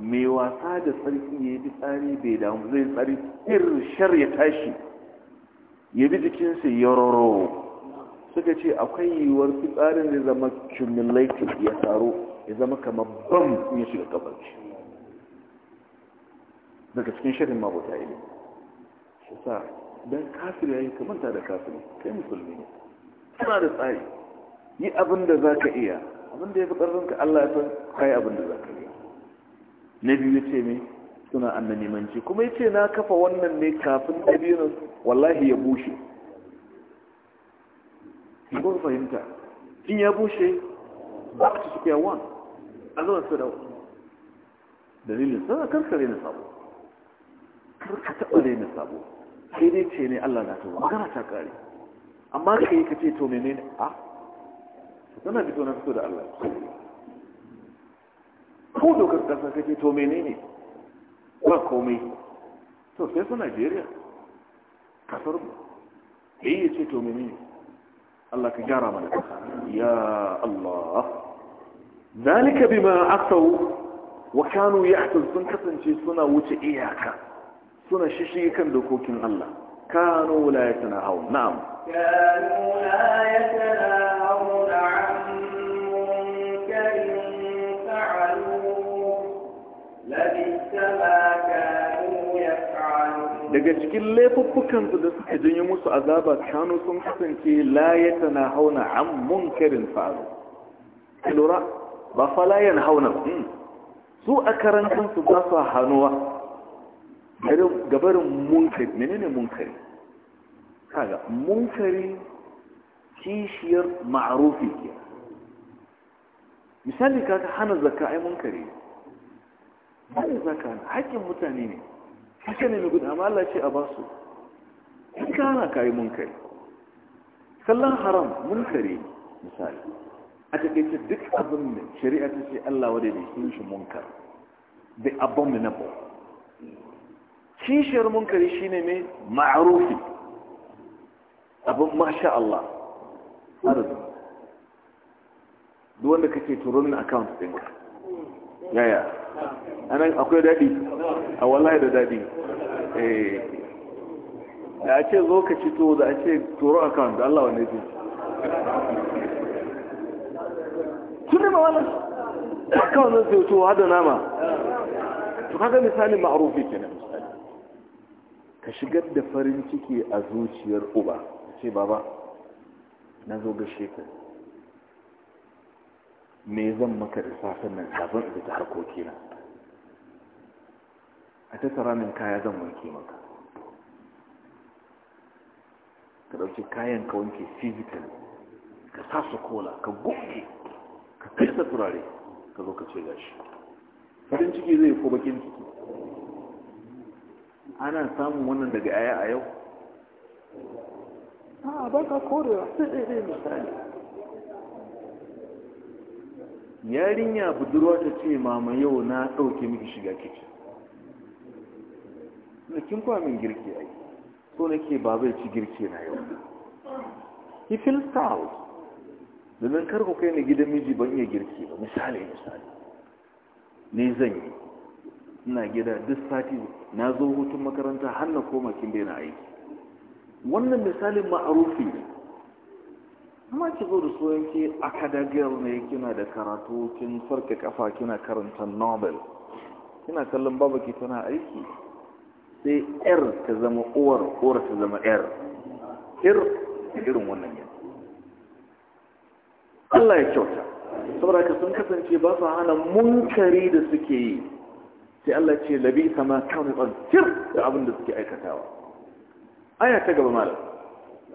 mai wasa da sarki ya yi tsari bai damu zai tsari hirshar ya tashi ya bi jikinsa ya roro suka ce akwai yiwuwar fitsarin zai zama cumulative ya taro ya zama kamar bam ya shiga kabarci daga cikin shirin mabuta ilimi shi sa don kafin ya yi kamanta da kafin, kai musulmi ne suna da tsari yi abin da za ka iya abin da ya fi ƙarfinka allah ya san kai abin da za ka iya na biyu ce me suna annanimanci kuma ya ce na kafa wannan ne kafin na biyunan wallahi ya bushe kun fahimta in ya bushe ba a cikin yawon a zuwa su da dalilin sana karkare na sabo karka taɓa raina sabo sai dai ce ne allah na ta zuwa magana ta ƙari amma ka yi ka ce to menene a ah, sana fito na fito da allah ko dokar kasa kake to ne. ba komai to sai su najeriya kasar mu da ya ce to ne. allah ka gyara mana kasa ya allah zalika bima asau wa kanu ya'tun sun kasance suna wuce iyaka suna shishi kan dokokin allah kanu la yatanahau na'am kanu la yatanahau daga cikin laifuffukansu da suka janyo musu azaba Kano sun kasance la ya tana hauna an munkarin faru lura ba fa yana hauna hmm. su a karantansu kansu ba su hannuwa gabarin munkari menene munkari kaga munkari kishiyar ma'arufi ke misali kaga hana zaka ai munkari hana zaka hakin mutane ne haka ne mai guda? amma Allah ce a ba su in ka hana kayi munkari kallon haram munkari misali a takaice duk abin da shari'a ta ce Allah wadda da shi shi munkar abin da the abominable kishiyar munkari shine ne ma'arufi abin masha Allah arzu duk wanda kake turonin account ɗinka yaya anan akwai daɗi a wallahi da daɗi eh. da a ce zo ka ci to da a ce turo a da Allah wane ji tun ma mawala akawun zai zai to hada nama to kaga misali ma'arufi kenan ka shigar da farin ciki a zuciyar uba ce baba na zo ga shekaru. me zan maka da safen nan kafin da ta harkoki na a tattara min kaya zan wanke maka ka dauki kayan ka wanke fizikal, ka sa su kola ka goge ka kai sa turare ka zo ka ce gashi farin ciki zai ko bakin ciki ana samun wannan daga aya a yau a ba ka korewa sai ɗaiɗai misali yarinya budurwa ta ce mama yau na ɗauke miki shiga kici na kin kwamin girki ai so nake ba zai ci girki na yau he feels proud domin karko kai ni gidan miji ban iya girki ba misali misali ne zan yi ina gida duk sati na zo hutun makaranta har na koma kin daina aiki wannan misalin ma'arufi ne amma ki zo da soyan ke akadagiyar ne kina da karatu kin farka kafa kina karanta nobel kina kallon babaki tana aiki sai yar ta zama uwar uwar ta zama yar ir irin wannan yin Allah ya kyauta saboda ka sun kasance ba su hana munkari da suke yi sai Allah ce labi sama kawai ban da abin da suke aikatawa aya ta gaba malam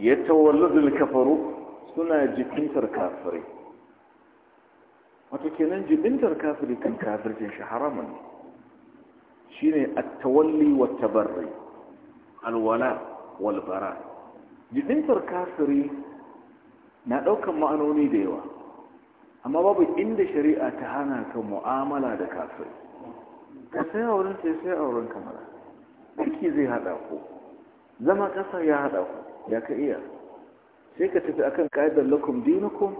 ya tawalladul kafaru suna jibintar kafiri. wato kenan jibintar kafiri kan kafircin shi haramun shine at-tawalli wa tabarri alwala wal bara jibintar kafiri na daukan ma'anoni da yawa amma babu inda shari'a ta hana ka mu'amala da kafiri ka sai auren sai sai auren kamar aiki zai hada ku zama kasa ya hada ku ya ka iya sai ka tafi akan ka'idar lakum dinukum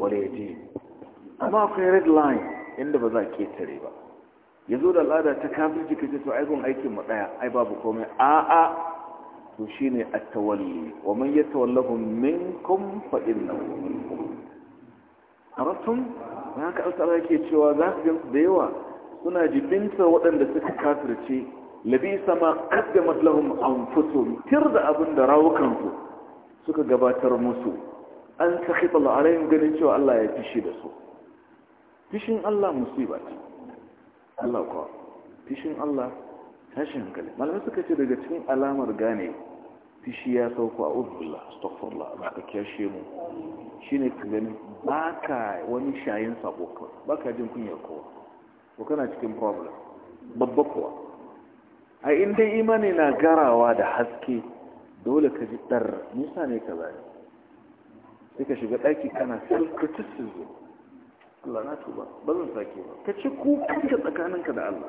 wale ji amma akwai red line inda ba za ke tare ba ya zo da al'ada ta kafin jika ce to aikin aikin mu daya ai babu komai a'a to ne a tawalli wa man yatawallahu minkum fa innahu minkum arastum haka Allah yake cewa za su da yawa suna jibinta waɗanda suka kafirce labisa ma qaddamat lahum anfusuhum tirda abinda rawukansu suka gabatar musu an sakhita Allah alaihim ganin cewa Allah ya fishi da su fishin Allah musiba ce Allah ko fishin Allah tashin hankali malamai suka ce daga cikin alamar gane fishi ya sauko a ubullah astaghfirullah ba ka kashe mu shine ka gani baka wani shayin sabo ba ka jin kunya kowa ko kana cikin problem babba kowa a inda imani na garawa da haske dole ka ji ɗar nisa ne ka zai sai ka shiga ɗaki kana self-criticism Allah na tuba ba zan sake ba ka ci kanka tsakaninka da Allah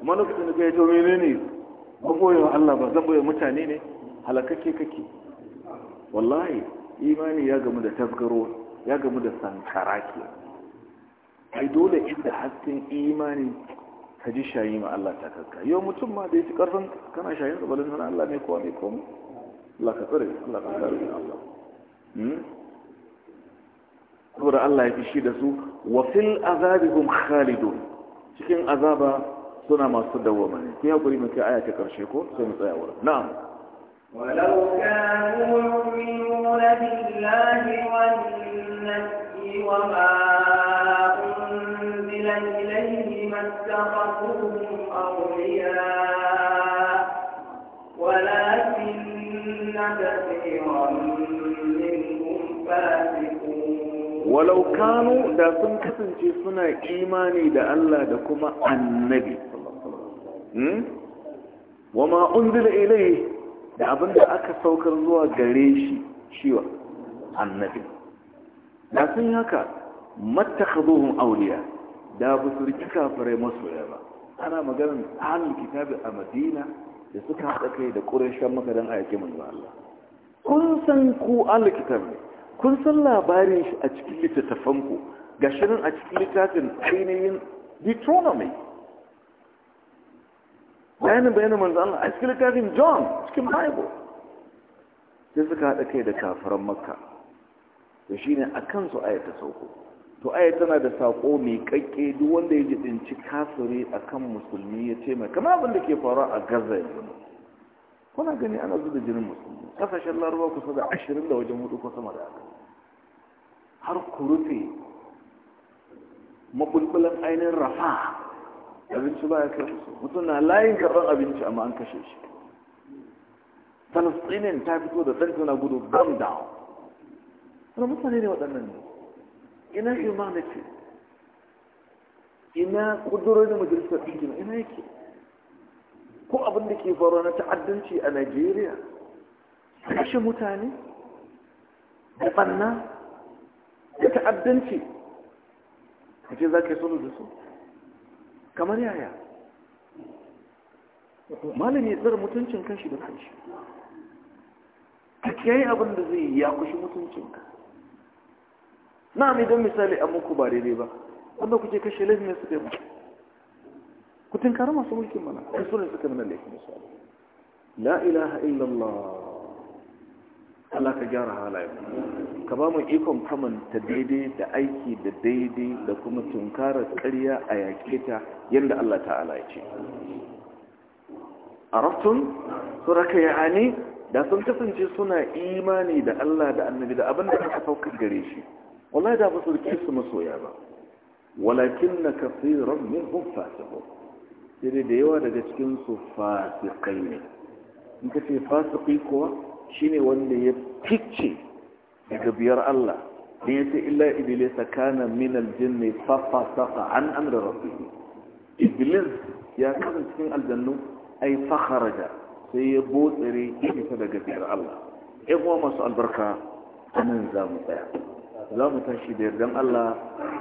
kuma lokacin da ya yi jami ne ne ba Allah ba zan boye mutane ne halakake kake wallahi imani ya gamu da tasgaro ya gamu da sankara ke ai dole inda hasken imani ka ji shayi ma Allah ta karka yau mutum ma da ya ci karfin kana shayin da balin mana Allah ne kowa ne kowa Allah ka tsare Allah ka tsare Allah hmm? saboda Allah ya fishi da su wa fil azabihum khalidun cikin azaba suna masu dawwama ne ku hakuri mu kai aya ta karshe ko sai mu tsaya wurin na'am ولو كانوا يؤمنون بالله والنبي وما ولو كانوا دا سن كسنجي سنة إيماني دا الله دا كما النبي وما أنزل إليه da abin da aka saukar zuwa gare shi shiwa annabi da sun haka mattakhadhuhum awliya da bu surki riki kafirai masoya ba ana maganar halin kitabi a madina da suka haɗa kai da ƙurashen maka don ayyaki manzo Allah kun san ku an likitan kun san labarin shi a cikin littattafan ku ga shirin a cikin littafin ainihin deuteronomy bayanin bayanin manzo Allah a cikin littafin john cikin bible sai suka haɗa kai da kafiran makka to shine akan su ayata sauko to aya tana da sako mai kakke duk wanda ya jidinci kafiri akan musulmi ya ce mai kamar abin da ke faruwa a gaza yanzu kuna gani ana zuba jinin musulmi kasashen Laruba kusa da ashirin da wajen hudu ko sama da haka har ku rufe mabulbulan ainihin rafa abinci ba ya kai musu mutum na layin karɓar abinci amma an kashe shi palestinian ta fito da ɗan tana gudu bam down suna mutane ne waɗannan ne ina humanity ina da majalisar ɗinkin ina yake ko abin da ke faruwa na ta'addanci a najeriya kashe mutane da ɓanna da ta'addanci a ce za ka yi solo da su kamar yaya malami ya tsara mutuncin kanshi da kanshi ka kiyaye abin da zai ya kushi mutuncinka na mai don misali an muku ba daidai ba wanda kuke kashe laifin ne suka yi ku tinkara masu mulkin mana in su ne suka mana laifin misali la ilaha illallah Allah ka gyara halayen ka ba mu ikon kamanta daidai da aiki da daidai da kuma tunkarar karya a yake ta yadda Allah ta'ala ya ce a raftun su raka da sun kasance suna imani da Allah da annabi da abin da aka saukar gare shi wallahi da ba su rike su masoya ba walakin na kasiran min hun fasiku sai da yawa daga cikin su fasikai ne in ka ce fasiki kuwa shine wanda ya fice daga biyar Allah da ya ce illa iblis kana min aljinni fa fasaqa an amri rabbih iblis ya kasance cikin aljannu ay fa sai ya botsire ita daga biyar Allah ɗan uwa masu albarka anan za mu tsaya za mu tashi da yardan Allah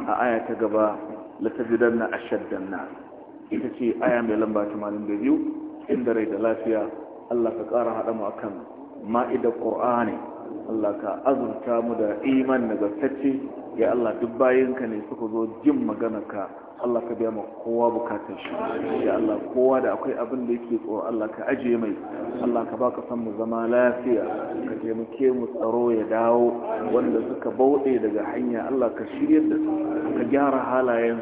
a aya ta gaba latajidan na ashaddan na ita ce aya mai lamba da biyu, inda rai da lafiya Allah ka ƙara haɗa mu akan ma'idar ƙur'ani Allah ka azurta mu da iman nagartacce ya Allah duk ka ne suka zo jin ka Allah ka biya kowa bukatun shi ya Allah kowa da akwai abin da yake tsoro Allah ka ajiye mai Allah ka baka san mu zama lafiya ka taimake mu tsaro ya dawo wanda suka bauɗe daga hanya Allah ka shiryar da su ka gyara halayen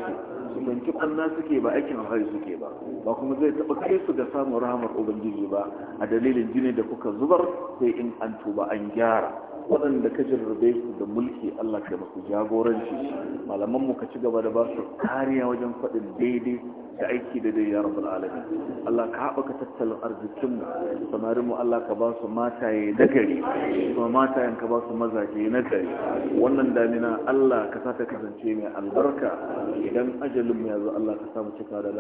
su banki kwanna suke ba aikin hari suke ba ba kuma zai taɓa kai su ga samun rahamar ubangiji ba a dalilin jini da kuka zubar sai in an tuba an gyara waɗanda ka jarrabe su da mulki Allah ka masu jagoranci malaman mu ka ci gaba da ba su kariya wajen faɗin daidai da aiki da dai ya rabbul alamin Allah ka haɓaka tattalin arzikin mu samarin mu Allah ka ba su mataye na gari kuma matayen ka ba su mazaje na gari wannan damina Allah ka sa ta kasance mai albarka idan ajalin mu ya zo Allah ka sa mu cika da la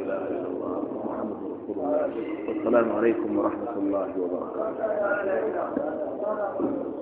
ilaha illallah muhammadu rasulullah assalamu alaikum wa rahmatullahi wa barakatuh